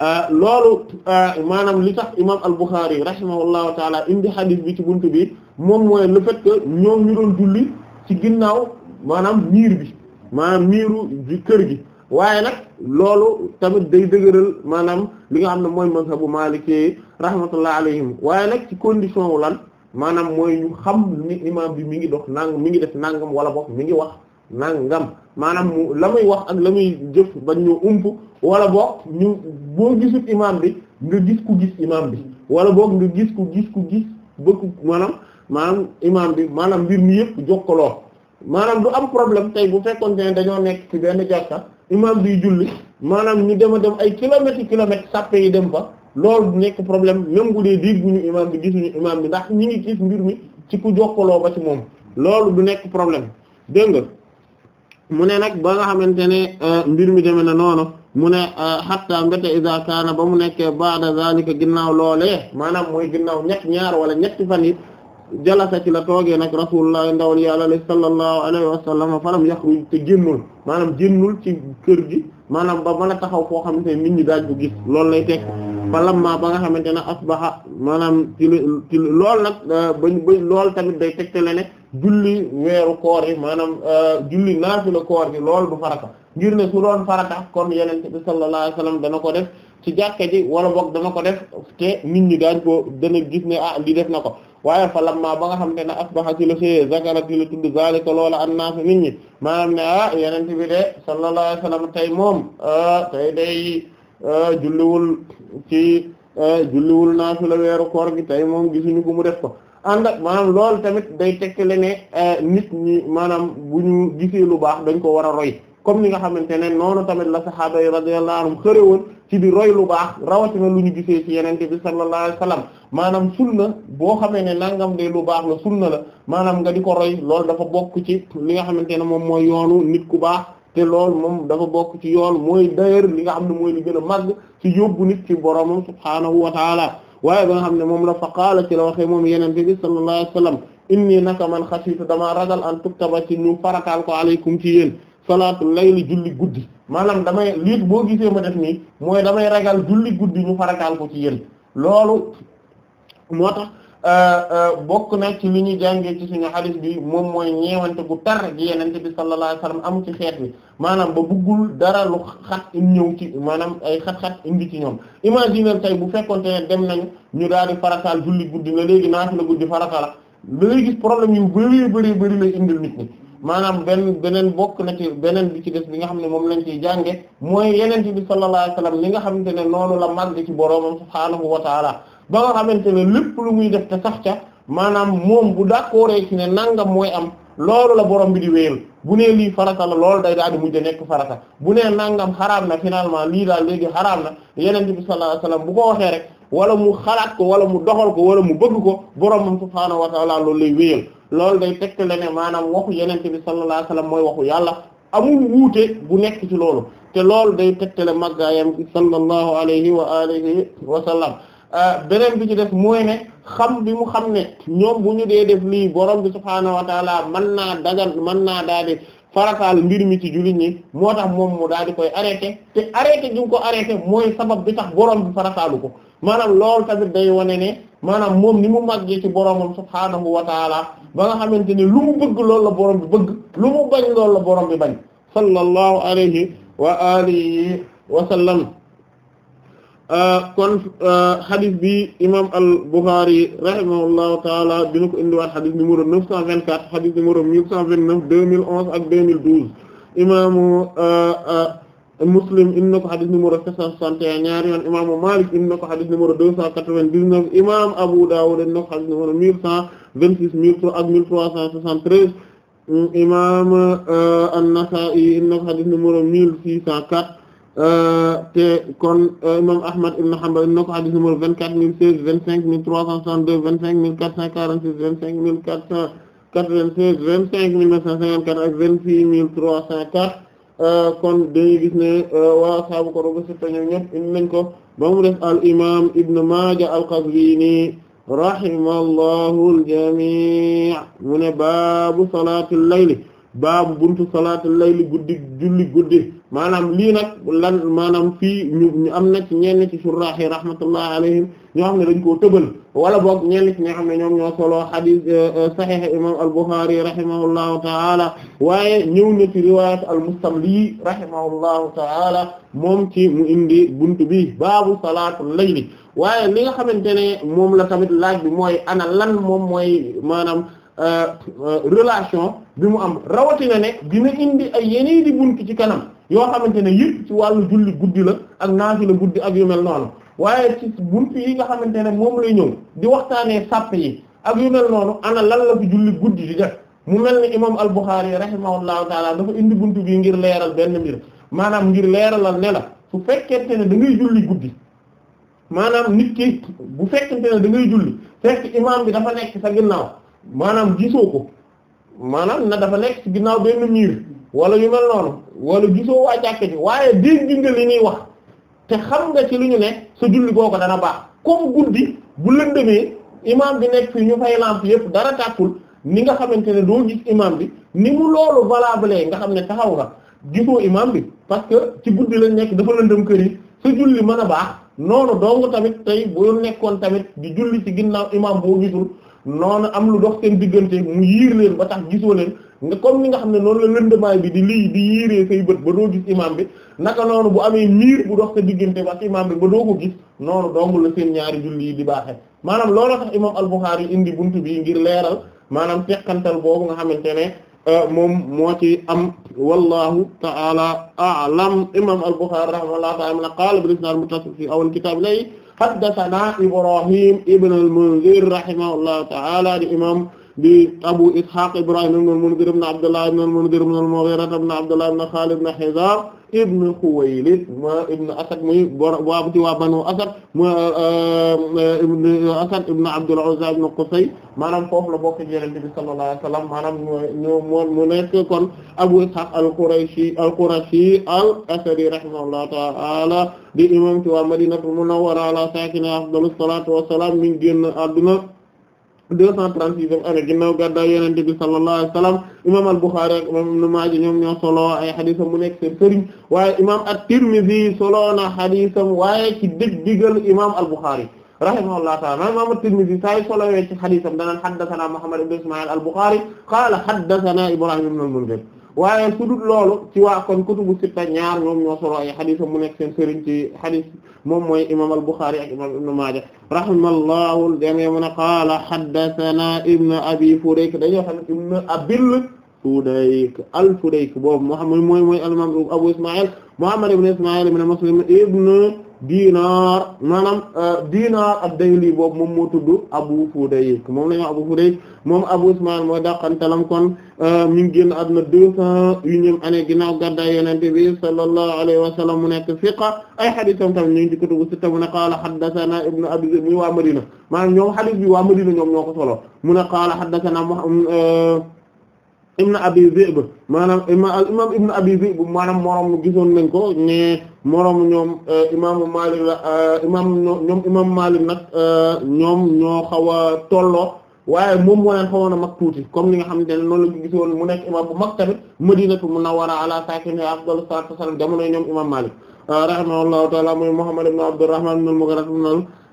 Euh, loolu euh, maanaam li tax imaam al-Bukhari rahimahullahu taala indi hadith bi ci buntu bi moom mooy le fait que ñoom ñu doon julli ci ginnaaw maanaam niir bi. maa miiru kër gi waaye nag loolu tamit day dëgëral maanaam li nga xam ne mooy mazhabu Maliki rahmatullah alayhim waaye nag ci condition wu lan maanaam mooy ñu xam ni imaam bi mi ngi dox nangam mi ngi def nangam wala boog mi ngi wax nangam maanaam mu la muy wax ak la muy jëf bañ ñu ump wala boog ñu boo gisul imaam bi nga gis ku gis imaam bi wala boog nga gis ku gis ku gis bëgg maanaam maanaam imaam bi maanaam mbir mi yëpp jokkaloo. maanaam du am problème tey bu fekkoon ne dañoo nekk ci benn jàkka imam bi julli maanaam ñu dem a dem ay kilomètres yi kilomètres sàppe yi dem fa loolu du nekk problème même bu dee dégguñu imam bi gisuñu imam bi ndax ñi ngi gis mbir mi ci ku jokkaloo ba ci moom loolu du nekk problème dégg nga mu ne nag ba nga xamante ne euh, mbir mi demee na noonu mu ne euh, hatta mbete isa kaana ba mu nekkee baada zalika ginnaaw loole maanaam mooy ginnaaw ñett ñaar walla ñetti fan yi jalasa ci la toogee nag rasulullah ndawal yàlla la sallallahu alayhi wa sallam falam yaxruj te génnul maanaam génnul ci kër gi maanaam ba mën a taxaw foo xamante ne nit ñi daaj ko gis loolu lay teg fa lamma ba nga xamante ne asbaha maanaam ci lool nag euh, bañ ba lool tamit day tegtale ne julli weeru koor yi maanaam euh, julli naafila koor gi lool du farata ngir ne su doon farata kon yenente bi sallallahu alayhi dana ko def ci jàkka ji wala boog dana ko def te nit ñi daañ ko dana gis ne a ah, li def na ko waaye fa lamma ba nga xam te ne asbaha ci la xëyee zakarati la tudd zalika loola an naasa nit ñi maanaam ne a ah, yenente bi de sallallahu alayhi wasallam tey moom ah, tey day julliwul ci julliwul naafi la weeru koor gi moom gisuñu mu def ko ànd ak maanaam tamit day tekkale ne nit ñi maanaam bu ñu gisee lu baax dañ ko war a roy comme ni nga xamante ne noonu tamit la sahaaba yi radiyallahu anhum ci di roy lu baax rawatina lu ñu gisee ci yenente bi sallallahu alayhi wasallam maanaam sunna boo xamee ne nangam de lu baax la sunna la maanaam nga di ko roy lool dafa bokk ci li nga xam ne moom mooy yoonu nit ku baax te loolu moom dafa bokk ci yoon mooy d'ailleurs li nga xam ne mooy li a màgg ci yóbbu nit ci boromam subhaanahu wa taala waaye ba nga xam ne moom la fa qaala ci la moom yenente bi sallallahu alayhi wasallam inni naka man xasiitu damaa ragal an tuktaba ci ñu farataal ko aleykum ci yéen salaatul layli julli guddi maanaam damay lii boo gisee ma def nii mooy damay ragal julli guddi ñu farataal ko ci yéen loolu moo tax euh, euh, bokk na ci li ñuy jàngee ci suñu hadith bi moom mooy ñeewante gu tar gi yenente bi sallallahu alayhi am ci xeet bi maanaam ba buggul dara lu xat ñëw ci maanaam ay xat-xat indi ci ñoom imagine tey bu fekkonte ne dem nañu ñu daal di farataal julli guddi na léegi la guddi farata la léegi problème yu bari bari bari lay indil nit ñi maanaam benn beneen bokk na ci beneen bi ci des bi nga xam ne moom lañ ciy jànge mooy yenente bi sallallahu alayhi wasallam li nga xamante ne noonu la màgg ci boroomam subhaanahu wa taala ba nga xamante ne lépp lu muy def ta sax ca maanaam moom bu d'accord ci ne nangam mooy am loolu la borom bi di wéyal bu nee lii farata la loolu day daal di mujj nekk farata bu nee nangam xaraam na finalement lii daal léegi xaraam na yenente bi sallallahu alayhi wasallam bu ko waxee rek wala mu xalaat ko wala mu doxal ko wala mu bëgg ko boroomam subhaanahu wa ta'ala loolu lay wéyal loolu day tegtale ne maanaam waxu yenente bi sallallahu alayhi wasallam mooy waxu yàlla amul wuute bu nekk ci loolu te loolu day tegtale màggaayam sallallahu alayhi wa alihi wa sallam ah, beneen bi ci def mooy ne xam bi mu xam ne ñoom bu ñu dee def lii borom bi subhaanahu wa taala mën naa dagal mën naa daal di farataal mbir mi ci jullit moo tax moom mu daal di koy arrêté te arrêté gi ko arrêté mooy sabab bi tax borom bi farataalu ko maanaam lool tamit day wone ne maanaam moom ni mu màggee ci boromam subhaanahu wa taala ba nga xamante ni lu mu bëgg lool la borom bi bëgg lu mu bañ loolu la borom bi bañ sallallahu alayhi wa alihi wa sallam euh, kon euh, hadith bi imam al-Bukhari rahimahullahu taala dina ko indiwaat hadith numéro 924 hadith numéro 1129 2011 ak 2012 imaamu euh, Muslim indi na ko xadis numéro 761 ñaari yoon imaamu Malik indi na ko xadis numéro 299 imaam Abu Dawud indi na ko xadis numéro 1126 1300 ak 1373 imaam euh, An-Nasa'i indi na ko xadis numéro 1604 euh, te kon euh, imam Ahmad ibn Hanbal indi na ko xadis numéro 24016 25362 25446 25496 25954 ak 26304 Euh, kon dañuy gis ne euh, waa ashaabu kutubu sitta ñoom ñëpp indi nañ ko ba mu def al imaam Ibn Maaja al-Qazwiini rahimahullahu al-jamii' mu ne baabu salaatil layli baabu buntu salaatul layli guddi julli guddi maanaam lii nag lan maanaam fii ñu am na ci ñenn ci surraax yi rahmatullahi alayhim ñoo xam ne dañ koo tëbal wala boog ñenn ci ñi nga xam ne ñoom ñoo solo xadiis euh, euh, saxiix imaam al-Bukhari rahimahullahu taala waaye ñëw na ci riwaayat al-Mustamli rahimahullahu moom ci mu indi buntu bi baabu salaatul layli waaye li nga xamante ne moom la tamit laaj bi mooy ana lan moom mooy maanaam euh, relation. bi mu am rawatina ne dina indi ay yeneen di bunt ci kanam yoo xamante ne yëpp ci wàllu julli guddi la ak naafila guddi ak yu mel noonu waaye ci bunt yi nga xamante ne moom lay ñëw di waxtaanee sàpp yi ak yu noonu ana lan la fi julli guddi di def mu mel ni imam al-Bukhari rahimahullahu taala dafa indi bunt bi ngir leeral benn mbir maanaam ngir leeralal ne la su fekkente ne dangay ngay julli guddi maanaam nit ki bu fekkente ne da ngay julli fekk imam bi dafa nekk sa ginnaaw maanaam gisoo ko maanaam na dafa nekk ci ginnaaw benn miir wala yu mel noonu wala gisoo waa jàkk ji waaye dégg nga li ñuy wax te xam nga ci lu ñu ne sa julli boo ko dana baax comme guddi bu lëndëmee imaam bi nekk fii ñu fay lamp yëpp dara tàkkul ni nga xamante ne doo gis imaam bi ni mu loolu valable nga xam ne taxaw nga gisoo imaam bi parce que ci guddi lañ nekk dafa lëndëm kër yi sa julli mën a baax noonu dong tamit tey boo nekkoon tamit di julli ci ginnaaw imaam boo gisul noonu am lu dox seen diggante mu yiir leen ba tax gisoo leen nga comme ni nga xam ne noonu la lëndamaay bi di lii di yiiree say bët ba doo gis imaam bi naka noonu bu amee miir bu dox sa diggante wax imaam bi ba doo ko gis noonu dong la seen ñaari julli yi di baaxe maanaam loolu tax imaam al-Bukhari indi buntu bi ngir leeral maanaam teqantal boobu nga xamante ne euh, moom moo ci am wallahu ta'ala a'lam imaam al-Bukhari rahimahullahu ta'ala qaala bil isnaad muttasil fi awwal kitaab lay haddathana Ibrahim ibn al-Mundhir rahimahullahu ta'ala di imam di Abu Ishaq Ibrahim ibn al-Mundhir ibn Abdullah ibn al-Mundhir ibn al-Mughira ibn Abdullah ibn Khalid ibn Hizam ibn Khuwaylid ma ibn Asad muy bor waa ci waa Banu Asad ma euh, ibn Asad ibn Abdul Uzza ibn Qusay maanaam foofu la bokk Yonent bi sallallahu alayhi wa sallam maanaam ñoo moom mu nekk kon Abu Ishaq al-Qurashi al-Qurashi al-Asadi rahimahullahu ta'ala di imam ci waa Madinatul Munawwara ala saakinihaa afdalus salaatu wa salaam mi ngi génn àdduna deux cent trente-sixième année ginnaaw gàddaay yonent bi sallallahu alayhi wa sallam imam al-Bukhari ak imam Ibn Maaja ñoom ñoo solo ay xadisam mu nekk seen sëriñ waaye imam at-Tirmidhi solo na xadisam waaye ci dëgg digal imam al-Bukhari rahimahullah ta'ala imam at-Tirmidhi saa yu solowee ci xadisam danaan haddathana Muhammad ibn Isma'il al-Bukhari qaala haddathana Ibrahim ibn al waaye su dul loolu ci waa kon kutubu sitta ñaar ñoom ñoo solo ay xadis mu nekk seen sëriñ ci xadis moom mooy imaam al-Bukhari ak imaam Ibn Maaja rahimallahu jamii' mu ne qaala haddathana ibn abi Fudayk dañoo xam ne ibn abil Fudayk al-Fudayk boobu moo xam mooy mooy al-imaam Abu Isma'il Muhammad ibn Isma'il ibn Muslim ibn diinaar maanaam euh, diinaar ad-Dayli boobu moom moo tudd Abu Fudayk moom la ñu Abu Fudayk moom Abu Usmaan mooy dàqantalam kon euh, mi ngi génn àdduna deux cent unième année ginnaaw gàddaay Yonent bi sallallahu alayhi wa sallam mu nekk fiqa ay hadiisam tam ñu ngi ci kutubu sitta mu ne qaala haddasanaa ibnu Abi Zayd muy waa Madina maanaam ñoom hadiis bi waa Madina ñoom ñoo solo mu qaala haddasanaa euh, ibn abi Zi'b maanaam imaam ibn abi Zi'b maanaam moroom gisoon nañ ko ne moroom ñoom euh, imaamu Maalik la euh, imaam ñoom imaamu Maalik nag euh, ñoom ñoo xaw a tolloo waaye moom moo leen xawoon a mag tuuti comme li nga xamante ne noonu la ñu gisoon mu nekk imaam bu mag tamit Madinatu Munawwara ala saakinihaa afdalu salaatu wa salaam jamono ñoom imaam Maalik rahimahullahu ta'aala mooy Muhammad ibn Abdurrahmaan ibn al-Mughira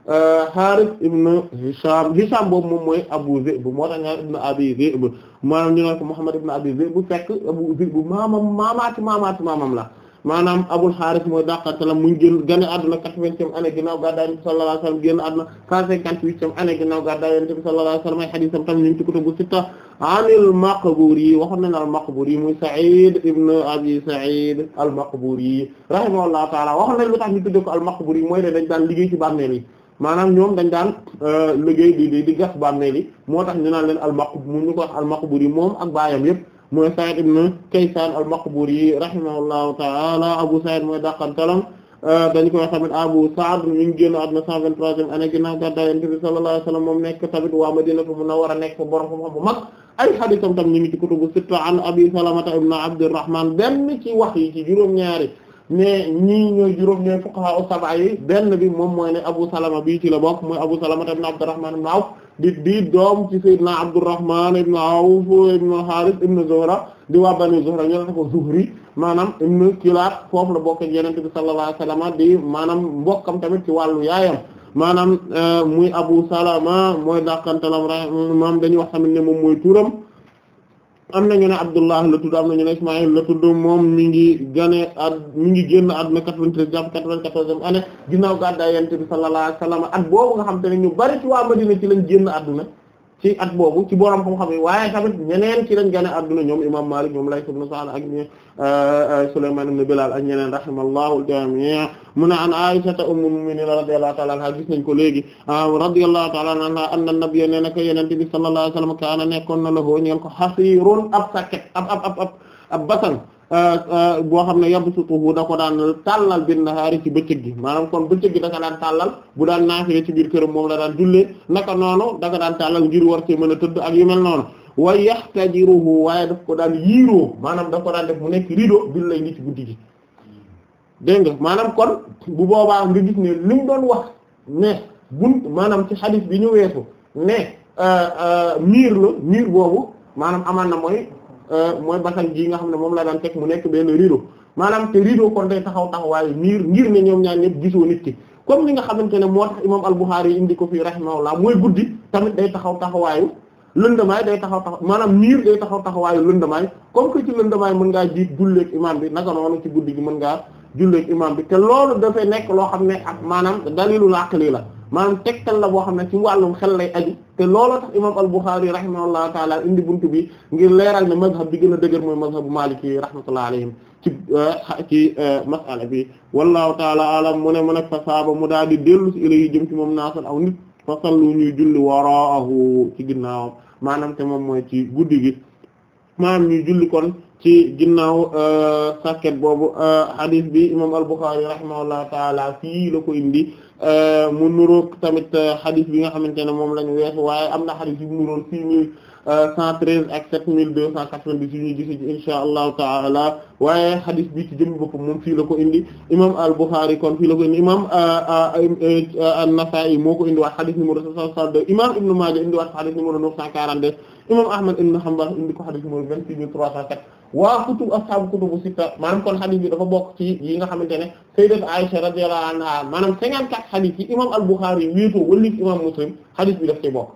Haaris euh, ibn Hisham Hisham boobu moom mooy Abu Zi'b moo tax ñu ibn Abi bu fekk Abu Zi'b maamam maamaati maamaati maamam la maanaam Abul Haaris mooy dàqantalam mu ngi génn gane àdduna quatre-vingtième année ginnaaw gàddaay Yonent bi sallallahu alayhi wa sallam génn àdduna cent cinquante-huitième année ginnaaw gàddaay Yonent bi sallallahu alayhi wa sallam ay hadiisam tam ñu ngi ci kutubu sitta anil Maqburi muy Sa'id ibn Abi Sa'id al-Maqburi rahimahullahu ta'ala waxoon nañ lu tax ñu tudde ko al-Maqburi mooy daan liggéey ci bàmmeel maanaam ñoom dañ daan euh, liggéey di di di gas bàmmeel yi moo tax ñu naan leen al-Maqbur mu ñu ko wax al-Maqbur yi moom ak baayam yëpp mooy Sa'id ibn Kaysan al-Maqbur yi rahimahullahu ta'ala Abu Sa'id mooy dàqantalam euh, dañ koy wax tamit Abu Sa'd mi ngi génn àdduna 123e année ginnaaw gàddaay Yonent bi sallallahu alayhi moom nekk tamit waa Madinatu Munawwara nekk fa borom xam-xam bu mag ay hadiisam tam ñu ngi ci kutubu sitta an Abi Salamata ibn Abdurrahman benn ci wax yi ci juróom-ñaari mais ñii ñooy juróom ñooy fuqaha as-sab'a yi benn bi moom mooy ne Abu Salama bii ci la bokk mooy Abu Salama ibn Abdurrahman ibn Awf di di doom ci Sayyidina Abdurrahman ibn Awf ibn Harith ibn Zuhra di waa Banu Zuhra ñu la ko Zuhri maanaam ibn Kilaab foofu la bokk ak Yonent bi sallallahu alayhi wasallam di maanaam mbokkam tamit ci wàllu yaayam maanaam eh, muy Abu Salama mooy dàqantalam moom dañuy wax tamit ne moom mooy turam am na ñu ne Abdullah la tudd am na ñu ne Ismaïl la tudd moom mi ngi gane at mi ngi génn àdduna 93 jàpp 94e année ginnaaw gàddaay Yonent bi sallallahu alayhi wa sallam at boobu nga xam te ne ñu bari ci waa Madina ci lañ génn àdduna ci ak boobu ci borom xam-xam yi waaye tamit ñeneen ci lañ gane adduna ñoom imam Malik ñoom Layth ibn Sa'd ak ñi euh, euh, Sulayman ibn Bilal ak ñeneen rahimallahu al-jami' mu ne an Aisha ummul mu'minin radiyallahu ta'ala anha gis nañ ko léegi ah, radiyallahu ta'ala anha anna nabiyya nee na ko yonent bi sallallahu alayhi wasallam kaana nekkoon na la hoo ñeen ko hasirun ab saket ab ab ab ab basan Euh, euh, boo xam ne yabsutuhu da ko daan tàllal bin nahaari ci bëccëg gi maanaam kon bëccëg gi daka ko daan tàllal bu daan naafile ci biir këram moom la daan jullee naka noonu da ko daan tàllal ngir war cee mën a tëdd ak yu mel noonu wa yaxtajiruhu waaye daf ko daan yiiroo maanaam da ko daan def mu nekk rido bil lay li ci guddi gi dégg nga maanaam kon bu boobaa nga gis ne li mu doon wax ne bunt maanaam ci xadis bi ñu weesu ne euh, miir la miir boobu maanam amaan na mooy Euh, mooy basang gi nga xam ne moom la daan teg mu nekk benn rideau maanaam te rideau kon day taxaw taxawaayu niir ngir ne ñoom ñaar ñëpp gisoo nit ki comme ni nga xamante ne moo tax imam al-Bukhari yi indi ko fii rahimahullah mooy guddi tamit day taxaw taxawaayu lëndamaay day taxaw tax maanaam niir day taxaw taxawaayu lëndamaay comme que ci lëndamaay mën ngaa jiit julleeg imam bi naka noonu ci guddi gi mën ngaa julleeg imam bi te loolu dafay nekk loo xam ne ak maanaam dalilu laqli la maanaam tegtal la boo xam ne ci wàllum xel lay aju te looloo tax imaam al-Bukhari rahimahullahu taala indi buntu bi ngir leeral ne mazhab bi gën a dëgër mooy mazhabu Maliki rahmatullahi alayhim ci euh, ci euh, masala bi wallahu taala alam mu ne mu nekk fa mu daal di dellu si ilay jëm ci moom naasan aw nit fa sallu ñuy julli waraahu ci ginnaawam maanaam te moom mooy ci guddi gi maanaam ñuy julli kon ci ginnaaw euh, sàkket boobu hadith bi imaam al-Bukhari rahimahullahu taala fii la indi Euh, mu nuroog tamit euh, xadis bi nga xamante ne moom lañu ñu weesu waaye am na xadis yu mu nuroog six mille euh, cent treize ak sept mille deux cent quatre-vingt-dix ñu gis insha allahu taala waaye xadis bi ci jëm boppam moom fii la ko indi imam al-Bukhari kon fii la ko indi imam an i moo ko indi waat xadis numéro sept cent soixante-deux imam Ibn Maaja indi waat xadis numéro neuf cent quarante-deux imam Ahmad ibn Hanbal indi ko xadis numéro waa kutub ashaabu kutubu sitta maanaam kon xadis bi dafa bokk ci yi nga xamante ne sayyidat Aisha radiyallahu anha maanaam 54 xadis yi imam al-Bukhari wéetoo wëlif imam Muslim xadis bi daf ci bokk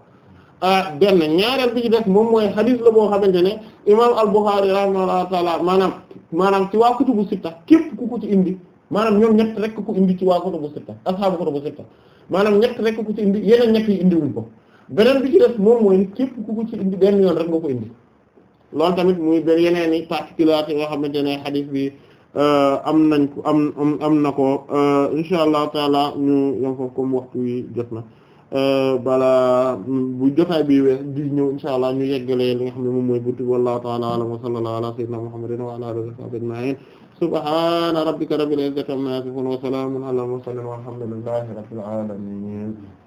euh, benn ñaareel bi ci des moom mooy xadis la boo xamante ne imam al-Bukhari rahimahullahu taala maanaam maanaam ci waa kutubu sitta képp ku ko ci indi maanaam ñoom ñett rek ku indi ci waa kutubu sitta ashaabu kutubu sitta maanaam ñett rek ku ci indi yeneen ñett yi indiwuñ ko beneen bi ci képp ku ko ci indi benn yoon rek ko indi loolu tamit muy benn yeneen i particularités yoo xamante ne xadis bi euh, am nañ ko am am na ko euh, insha allahu taala ñu yam foofu comme waxtu wi jot na euh, bala bu jotaay bi wees di ñëw insha allah ñu yeggalee li nga xam ne moom mooy buntu wallahu taala alam wa sallallahu ala sayyidina muhammadin wa ala alihi wa sahbihi ajma'in subhana rabbika rabbil izzati amma yasifun wa salamun ala mursalin walhamdulillahi rabbil alamin